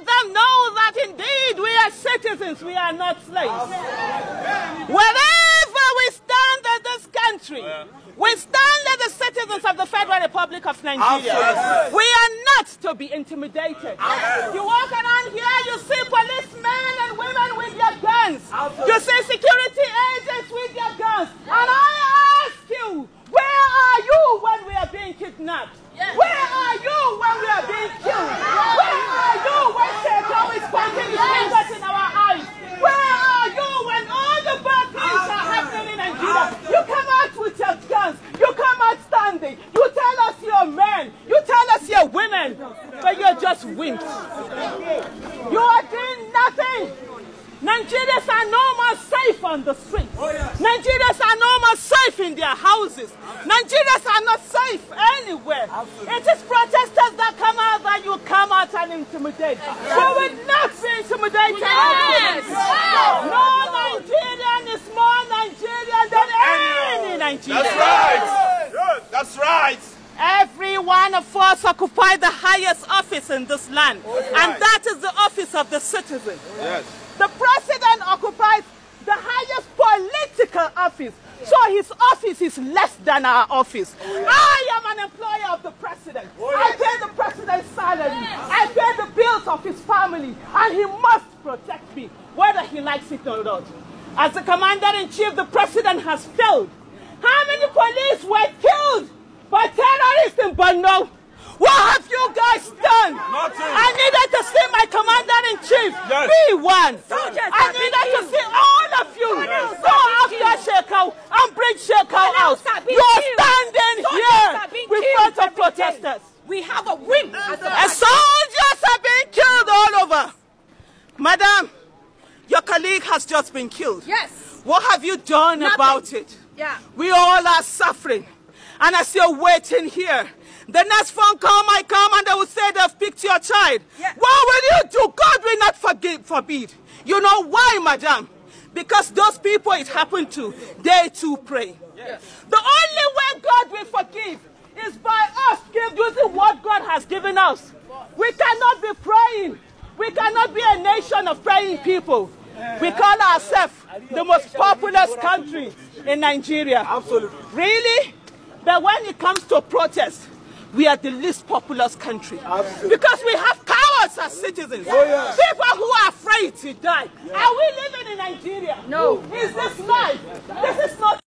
Let them know that indeed we are citizens, we are not slaves. Wherever we stand in this country, we stand as the citizens of the Federal Republic of Nigeria. We are not to be intimidated. You walk around here, you see policemen and women with their guns. You see security just wimps. You are doing nothing. Nigerians are no more safe on the streets. Oh, Nigerians are no more safe in their houses. Nigerians are not safe anywhere. It is protesters that come out that you come out and intimidate. Yes. We will not be intimidated. No, trying of force occupy the highest office in this land. And that is the office of the citizen. Yes. The president occupies the highest political office. So his office is less than our office. Oh, yeah. I am an employer of the president. Oh, yeah. I pay the president's salary. Yes. I pay the bills of his family. And he must protect me, whether he likes it or not. As the commander-in-chief, the president has failed. How many police were killed but terrorists but no. What have you guys done? Nothing. I needed to see my commander-in-chief, yes. B1. Soldiers I needed to see all of you. Yes. Go after Shekau and bring Shekau out. You're standing here in front of protesters. We have a win. And soldiers are being killed all over. Madam, your colleague has just been killed. Yes. What have you done Nothing. about it? Yeah. We all are suffering. And as you're waiting here, the next phone call might come and they will say they've picked your child. Yeah. What will you do? God will not forgive, forbid. You know why, madam? Because those people it happened to, they too pray. Yes. The only way God will forgive is by us using what God has given us. We cannot be praying. We cannot be a nation of praying people. We call ourselves the most populous country in Nigeria. Absolutely. Really? But when it comes to protest, we are the least populous country. Absolutely. Because we have cowards as citizens. Oh, yeah. People who are afraid to die. Yeah. Are we living in Nigeria? No. Is this life? This is not